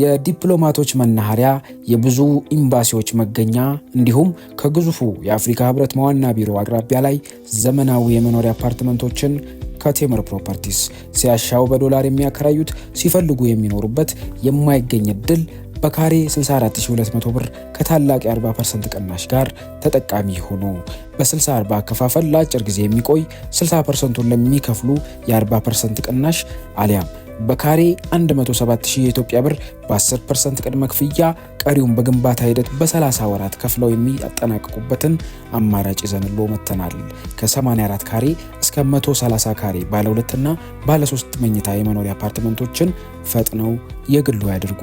የዲፕሎማቶች መናኸሪያ፣ የብዙ ኤምባሲዎች መገኛ እንዲሁም ከግዙፉ የአፍሪካ ህብረት መዋና ቢሮ አቅራቢያ ላይ ዘመናዊ የመኖሪያ አፓርትመንቶችን ከቴምር ፕሮፐርቲስ ሲያሻው በዶላር የሚያከራዩት ሲፈልጉ የሚኖሩበት የማይገኝ እድል በካሬ 64200 ብር ከታላቅ የ40 ቅናሽ ጋር ተጠቃሚ ሆኖ በ በ60 40 አከፋፈል ለአጭር ጊዜ የሚቆይ 60 ለሚከፍሉ የ40 ቅናሽ አሊያም በካሬ 107,000 የኢትዮጵያ ብር በ10% ቅድመ ክፍያ ቀሪውን በግንባታ ሂደት በ30 ወራት ከፍለው የሚያጠናቅቁበትን አማራጭ ይዘንሎ መጥተናል። ከ84 ካሬ እስከ 130 ካሬ ባለ ሁለትና ባለ ሶስት መኝታ የመኖሪያ አፓርትመንቶችን ፈጥነው የግሉ ያድርጉ።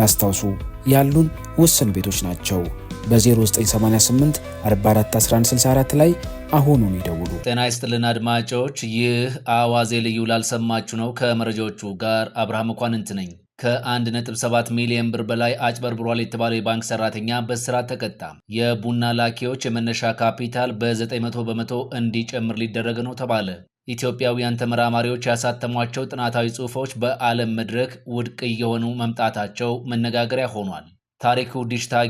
ያስታውሱ፣ ያሉን ውስን ቤቶች ናቸው። በ0988 44 ላይ አሁኑን ይደውሉ። ጤና ይስጥልን አድማጮች፣ ይህ አዋዜ ልዩ ላልሰማችሁ ነው። ከመረጃዎቹ ጋር አብርሃም እኳንንት ነኝ። ከ1.7 ሚሊዮን ብር በላይ አጭበርብሯል የተባለው የባንክ ሰራተኛ በእስራት ተቀጣ። የቡና ላኪዎች የመነሻ ካፒታል በ900 በመቶ እንዲጨምር ሊደረግ ነው ተባለ። ኢትዮጵያውያን ተመራማሪዎች ያሳተሟቸው ጥናታዊ ጽሑፎች በዓለም መድረክ ውድቅ እየሆኑ መምጣታቸው መነጋገሪያ ሆኗል። ታሪኩ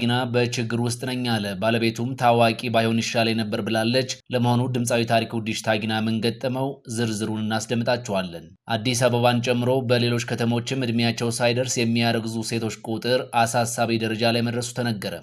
ግና በችግር ውስጥ ነኝ አለ። ባለቤቱም ታዋቂ ባይሆን ይሻል ነበር ብላለች። ለመሆኑ ድምፃዊ ታሪኩ ዲሽታጊና ምን ገጠመው? ዝርዝሩን እናስደምጣችኋለን። አዲስ አበባን ጨምሮ በሌሎች ከተሞችም እድሜያቸው ሳይደርስ የሚያረግዙ ሴቶች ቁጥር አሳሳቢ ደረጃ ላይ መድረሱ ተነገረ።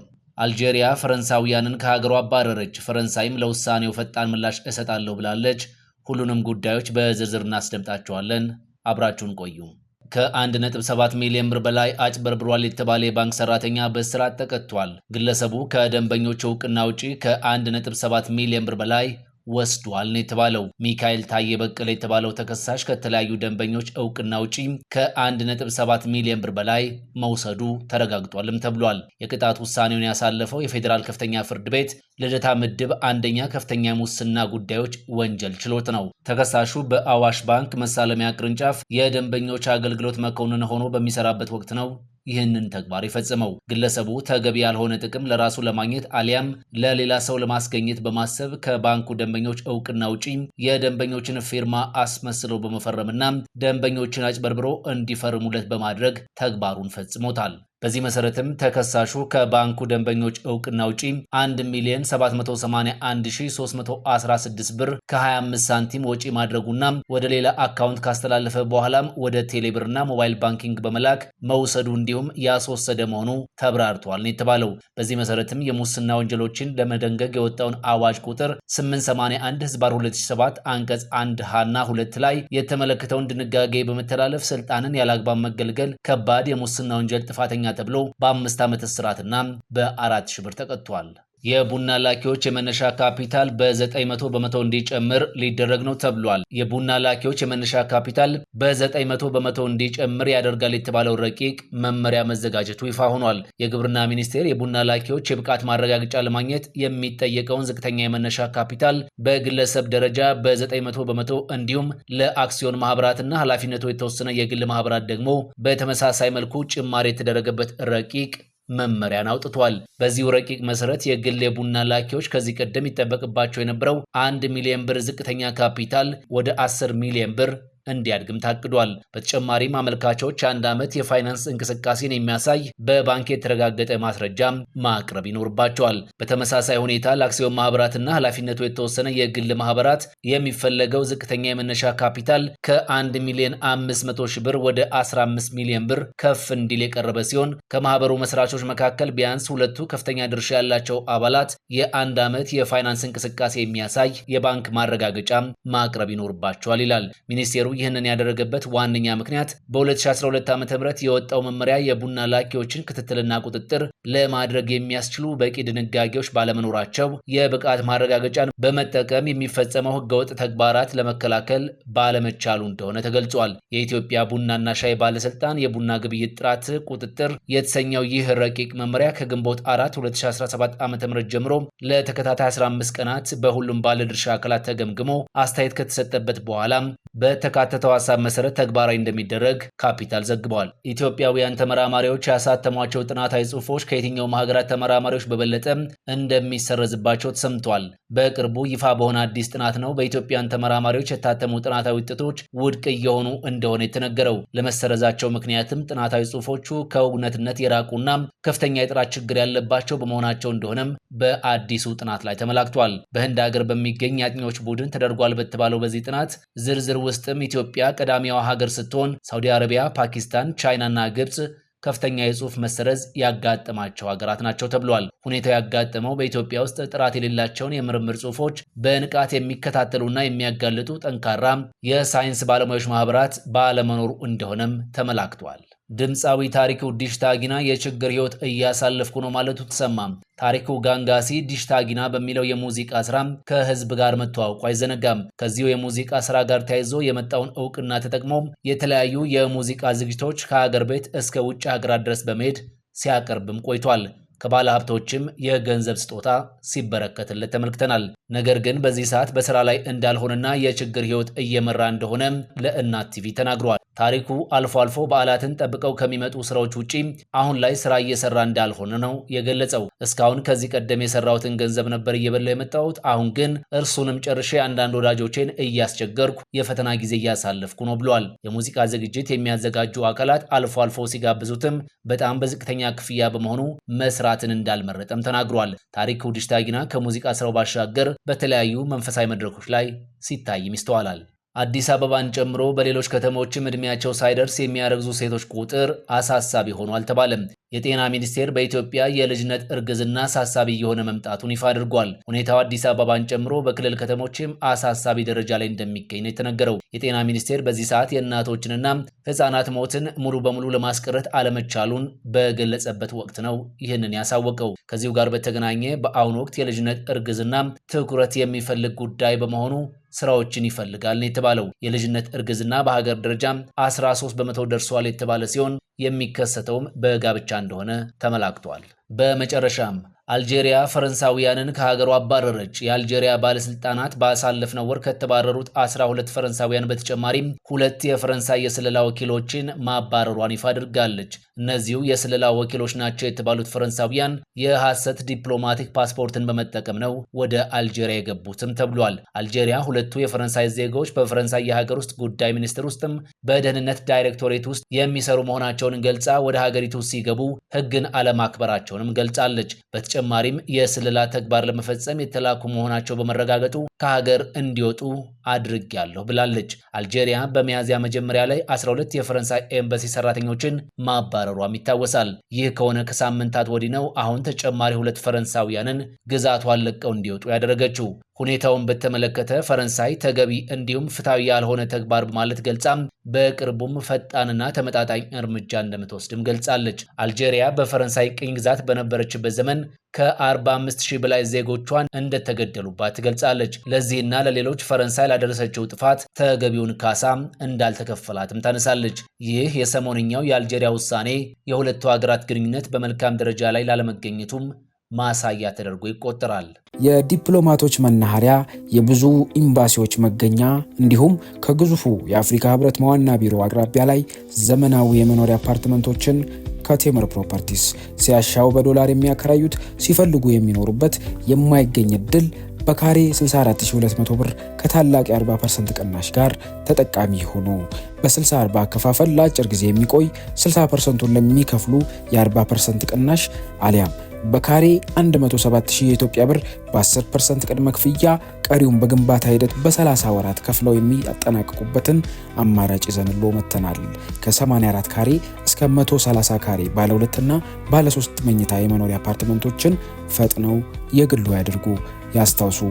አልጄሪያ ፈረንሳውያንን ከሀገሯ አባረረች። ፈረንሳይም ለውሳኔው ፈጣን ምላሽ እሰጣለሁ ብላለች። ሁሉንም ጉዳዮች በዝርዝር እናስደምጣችኋለን። አብራችሁን ቆዩም። ከ1.7 ሚሊዮን ብር በላይ አጭበርብሯል የተባለ የባንክ ሰራተኛ በስርዓት ተቀጥቷል። ግለሰቡ ከደንበኞች እውቅና ውጪ ከ1.7 ሚሊዮን ብር በላይ ወስዷል ነው የተባለው። ሚካኤል ታዬ በቀለ የተባለው ተከሳሽ ከተለያዩ ደንበኞች እውቅና ውጪ ከ1.7 ሚሊዮን ብር በላይ መውሰዱ ተረጋግጧልም ተብሏል። የቅጣት ውሳኔውን ያሳለፈው የፌዴራል ከፍተኛ ፍርድ ቤት ልደታ ምድብ አንደኛ ከፍተኛ ሙስና ጉዳዮች ወንጀል ችሎት ነው። ተከሳሹ በአዋሽ ባንክ መሳለሚያ ቅርንጫፍ የደንበኞች አገልግሎት መኮንን ሆኖ በሚሰራበት ወቅት ነው ይህንን ተግባር የፈጸመው ግለሰቡ ተገቢ ያልሆነ ጥቅም ለራሱ ለማግኘት አሊያም ለሌላ ሰው ለማስገኘት በማሰብ ከባንኩ ደንበኞች እውቅና ውጪ የደንበኞችን ፊርማ አስመስለው በመፈረምና ደንበኞችን አጭበርብሮ እንዲፈርሙለት በማድረግ ተግባሩን ፈጽሞታል። በዚህ መሰረትም ተከሳሹ ከባንኩ ደንበኞች እውቅና ውጪ 1 ሚሊዮን 781316 ብር ከ25 ሳንቲም ወጪ ማድረጉና ወደ ሌላ አካውንት ካስተላለፈ በኋላም ወደ ቴሌብርና ሞባይል ባንኪንግ በመላክ መውሰዱ እንዲሁም ያስወሰደ መሆኑ ተብራርቷል የተባለው። በዚህ መሰረትም የሙስና ወንጀሎችን ለመደንገግ የወጣውን አዋጅ ቁጥር 881 ህዝባር 2007 አንቀጽ 1 ሀና 2 ላይ የተመለከተውን ድንጋጌ በመተላለፍ ስልጣንን ያለአግባብ መገልገል ከባድ የሙስና ወንጀል ጥፋተኛ ተብሎ በአምስት ዓመት እስራትና በአራት ሺህ ብር ተቀጥቷል። የቡና ላኪዎች የመነሻ ካፒታል በ900 በመቶ እንዲጨምር ሊደረግ ነው ተብሏል። የቡና ላኪዎች የመነሻ ካፒታል በ900 በመቶ እንዲጨምር ያደርጋል የተባለው ረቂቅ መመሪያ መዘጋጀቱ ይፋ ሆኗል። የግብርና ሚኒስቴር የቡና ላኪዎች የብቃት ማረጋገጫ ለማግኘት የሚጠየቀውን ዝቅተኛ የመነሻ ካፒታል በግለሰብ ደረጃ በ900 በመቶ እንዲሁም ለአክሲዮን ማህበራትና ኃላፊነቱ የተወሰነ የግል ማህበራት ደግሞ በተመሳሳይ መልኩ ጭማሪ የተደረገበት ረቂቅ መመሪያን አውጥቷል። በዚሁ ረቂቅ መሰረት የግል የቡና ላኪዎች ከዚህ ቀደም ይጠበቅባቸው የነበረው አንድ ሚሊዮን ብር ዝቅተኛ ካፒታል ወደ አስር ሚሊዮን ብር እንዲያድግም ታቅዷል። በተጨማሪም አመልካቾች አንድ ዓመት የፋይናንስ እንቅስቃሴን የሚያሳይ በባንክ የተረጋገጠ ማስረጃም ማቅረብ ይኖርባቸዋል። በተመሳሳይ ሁኔታ ለአክሲዮን ማህበራትና ኃላፊነቱ የተወሰነ የግል ማህበራት የሚፈለገው ዝቅተኛ የመነሻ ካፒታል ከ1 ሚሊዮን 500 ሺህ ብር ወደ 15 ሚሊዮን ብር ከፍ እንዲል የቀረበ ሲሆን ከማህበሩ መስራቾች መካከል ቢያንስ ሁለቱ ከፍተኛ ድርሻ ያላቸው አባላት የአንድ ዓመት የፋይናንስ እንቅስቃሴ የሚያሳይ የባንክ ማረጋገጫ ማቅረብ ይኖርባቸዋል ይላል ሚኒስቴሩ ይህንን ያደረገበት ዋነኛ ምክንያት በ2012 ዓ ም የወጣው መመሪያ የቡና ላኪዎችን ክትትልና ቁጥጥር ለማድረግ የሚያስችሉ በቂ ድንጋጌዎች ባለመኖራቸው የብቃት ማረጋገጫን በመጠቀም የሚፈጸመው ህገወጥ ተግባራት ለመከላከል ባለመቻሉ እንደሆነ ተገልጿል። የኢትዮጵያ ቡናና ሻይ ባለስልጣን የቡና ግብይት ጥራት ቁጥጥር የተሰኘው ይህ ረቂቅ መመሪያ ከግንቦት 4 2017 ዓ ም ጀምሮ ለተከታታይ 15 ቀናት በሁሉም ባለድርሻ አካላት ተገምግሞ አስተያየት ከተሰጠበት በኋላም በተካ ባካተተው ሀሳብ መሰረት ተግባራዊ እንደሚደረግ ካፒታል ዘግቧል። ኢትዮጵያውያን ተመራማሪዎች ያሳተሟቸው ጥናታዊ ጽሁፎች ከየትኛውም ሀገራት ተመራማሪዎች በበለጠ እንደሚሰረዝባቸው ተሰምቷል። በቅርቡ ይፋ በሆነ አዲስ ጥናት ነው በኢትዮጵያን ተመራማሪዎች የታተሙ ጥናታዊ ውጤቶች ውድቅ እየሆኑ እንደሆነ የተነገረው። ለመሰረዛቸው ምክንያትም ጥናታዊ ጽሁፎቹ ከእውነትነት የራቁና ከፍተኛ የጥራት ችግር ያለባቸው በመሆናቸው እንደሆነም በአዲሱ ጥናት ላይ ተመላክቷል። በህንድ ሀገር በሚገኝ የአጥኚዎች ቡድን ተደርጓል በተባለው በዚህ ጥናት ዝርዝር ውስጥም ኢትዮጵያ ቀዳሚዋ ሀገር ስትሆን ሳውዲ አረቢያ፣ ፓኪስታን፣ ቻይናና ግብፅ ከፍተኛ የጽሑፍ መሰረዝ ያጋጠማቸው ሀገራት ናቸው ተብሏል። ሁኔታው ያጋጠመው በኢትዮጵያ ውስጥ ጥራት የሌላቸውን የምርምር ጽሑፎች በንቃት የሚከታተሉና የሚያጋልጡ ጠንካራ የሳይንስ ባለሙያዎች ማህበራት ባለመኖሩ እንደሆነም ተመላክቷል። ድምፃዊ ታሪኩ ዲሽታጊና የችግር ህይወት እያሳለፍኩ ነው ማለቱ ተሰማ። ታሪኩ ጋንጋሲ ዲሽታጊና በሚለው የሙዚቃ ስራ ከህዝብ ጋር መተዋወቁ አይዘነጋም። ከዚሁ የሙዚቃ ስራ ጋር ተያይዞ የመጣውን እውቅና ተጠቅሞ የተለያዩ የሙዚቃ ዝግጅቶች ከሀገር ቤት እስከ ውጭ ሀገራት ድረስ በመሄድ ሲያቀርብም ቆይቷል። ከባለ ሀብቶችም የገንዘብ ስጦታ ሲበረከትለት ተመልክተናል። ነገር ግን በዚህ ሰዓት በስራ ላይ እንዳልሆነና የችግር ህይወት እየመራ እንደሆነ ለእናት ቲቪ ተናግሯል። ታሪኩ አልፎ አልፎ በዓላትን ጠብቀው ከሚመጡ ስራዎች ውጪ አሁን ላይ ስራ እየሰራ እንዳልሆነ ነው የገለጸው። እስካሁን ከዚህ ቀደም የሰራሁትን ገንዘብ ነበር እየበላ የመጣሁት። አሁን ግን እርሱንም ጨርሼ አንዳንድ ወዳጆቼን እያስቸገርኩ የፈተና ጊዜ እያሳለፍኩ ነው ብሏል። የሙዚቃ ዝግጅት የሚያዘጋጁ አካላት አልፎ አልፎ ሲጋብዙትም በጣም በዝቅተኛ ክፍያ በመሆኑ መስራትን እንዳልመረጠም ተናግሯል። ታሪኩ ዲሽታ ጊና ከሙዚቃ ስራው ባሻገር በተለያዩ መንፈሳዊ መድረኮች ላይ ሲታይም ይስተዋላል። አዲስ አበባን ጨምሮ በሌሎች ከተሞችም እድሜያቸው ሳይደርስ የሚያረግዙ ሴቶች ቁጥር አሳሳቢ ሆኖ አልተባለም። የጤና ሚኒስቴር በኢትዮጵያ የልጅነት እርግዝና አሳሳቢ እየሆነ መምጣቱን ይፋ አድርጓል። ሁኔታው አዲስ አበባን ጨምሮ በክልል ከተሞችም አሳሳቢ ደረጃ ላይ እንደሚገኝ ነው የተነገረው። የጤና ሚኒስቴር በዚህ ሰዓት የእናቶችንና ሕፃናት ሞትን ሙሉ በሙሉ ለማስቀረት አለመቻሉን በገለጸበት ወቅት ነው ይህንን ያሳወቀው። ከዚሁ ጋር በተገናኘ በአሁኑ ወቅት የልጅነት እርግዝና ትኩረት የሚፈልግ ጉዳይ በመሆኑ ስራዎችን ይፈልጋል ነው የተባለው። የልጅነት እርግዝና በሀገር ደረጃ 13 በመቶ ደርሷል የተባለ ሲሆን የሚከሰተውም በጋብቻ እንደሆነ ተመላክቷል። በመጨረሻም አልጄሪያ ፈረንሳውያንን ከሀገሯ አባረረች። የአልጄሪያ ባለስልጣናት ባሳለፍነው ወር ከተባረሩት 12 ፈረንሳውያን በተጨማሪም ሁለት የፈረንሳይ የስለላ ወኪሎችን ማባረሯን ይፋ አድርጋለች። እነዚሁ የስለላ ወኪሎች ናቸው የተባሉት ፈረንሳውያን የሐሰት ዲፕሎማቲክ ፓስፖርትን በመጠቀም ነው ወደ አልጄሪያ የገቡትም ተብሏል። አልጄሪያ ሁለቱ የፈረንሳይ ዜጋዎች በፈረንሳይ የሀገር ውስጥ ጉዳይ ሚኒስቴር ውስጥም በደህንነት ዳይሬክቶሬት ውስጥ የሚሰሩ መሆናቸውን ገልጻ ወደ ሀገሪቱ ሲገቡ ሕግን አለማክበራቸውንም ገልጻለች። በተጨማሪም የስለላ ተግባር ለመፈጸም የተላኩ መሆናቸው በመረጋገጡ ከሀገር እንዲወጡ አድርጊያለሁ ብላለች። አልጄሪያ በሚያዝያ መጀመሪያ ላይ 12 የፈረንሳይ ኤምባሲ ሰራተኞችን ማባ ማባረሯም ይታወሳል። ይህ ከሆነ ከሳምንታት ወዲህ ነው አሁን ተጨማሪ ሁለት ፈረንሳውያንን ግዛቷን ለቀው እንዲወጡ ያደረገችው። ሁኔታውን በተመለከተ ፈረንሳይ ተገቢ እንዲሁም ፍትሐዊ ያልሆነ ተግባር በማለት ገልጻም በቅርቡም ፈጣንና ተመጣጣኝ እርምጃ እንደምትወስድም ገልጻለች። አልጄሪያ በፈረንሳይ ቅኝ ግዛት በነበረችበት ዘመን ከ45 ሺህ በላይ ዜጎቿን እንደተገደሉባት ገልጻለች። ለዚህና ለሌሎች ፈረንሳይ ላደረሰችው ጥፋት ተገቢውን ካሳ እንዳልተከፈላትም ታነሳለች። ይህ የሰሞንኛው የአልጄሪያ ውሳኔ የሁለቱ ሀገራት ግንኙነት በመልካም ደረጃ ላይ ላለመገኘቱም ማሳያ ተደርጎ ይቆጠራል። የዲፕሎማቶች መናኸሪያ፣ የብዙ ኤምባሲዎች መገኛ እንዲሁም ከግዙፉ የአፍሪካ ህብረት መዋና ቢሮ አቅራቢያ ላይ ዘመናዊ የመኖሪያ አፓርትመንቶችን ከቴምር ፕሮፐርቲስ ሲያሻው በዶላር የሚያከራዩት ሲፈልጉ የሚኖሩበት የማይገኝ እድል በካሬ 64200 ብር ከታላቅ የ40% ቅናሽ ጋር ተጠቃሚ ሆኖ በ በ60/40 አከፋፈል ለአጭር ጊዜ የሚቆይ 60%ን ለሚከፍሉ የ40% ቅናሽ አሊያም በካሬ 107000 የኢትዮጵያ ብር በ10% ቅድመ ክፍያ ቀሪውን በግንባታ ሂደት በ30 ወራት ከፍለው የሚያጠናቅቁበትን አማራጭ ይዘንሎ መጥተናል። ከ84 ካሬ እስከ 130 ካሬ ባለ ሁለትና ባለ ሶስት መኝታ የመኖሪያ አፓርትመንቶችን ፈጥነው የግሉ ያድርጉ። ያስታውሱ፣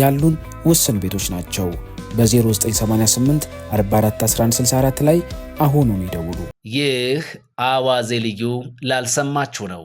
ያሉን ውስን ቤቶች ናቸው። በ0988 441164 ላይ አሁኑን ይደውሉ። ይህ አዋዜ ልዩ ላልሰማችሁ ነው።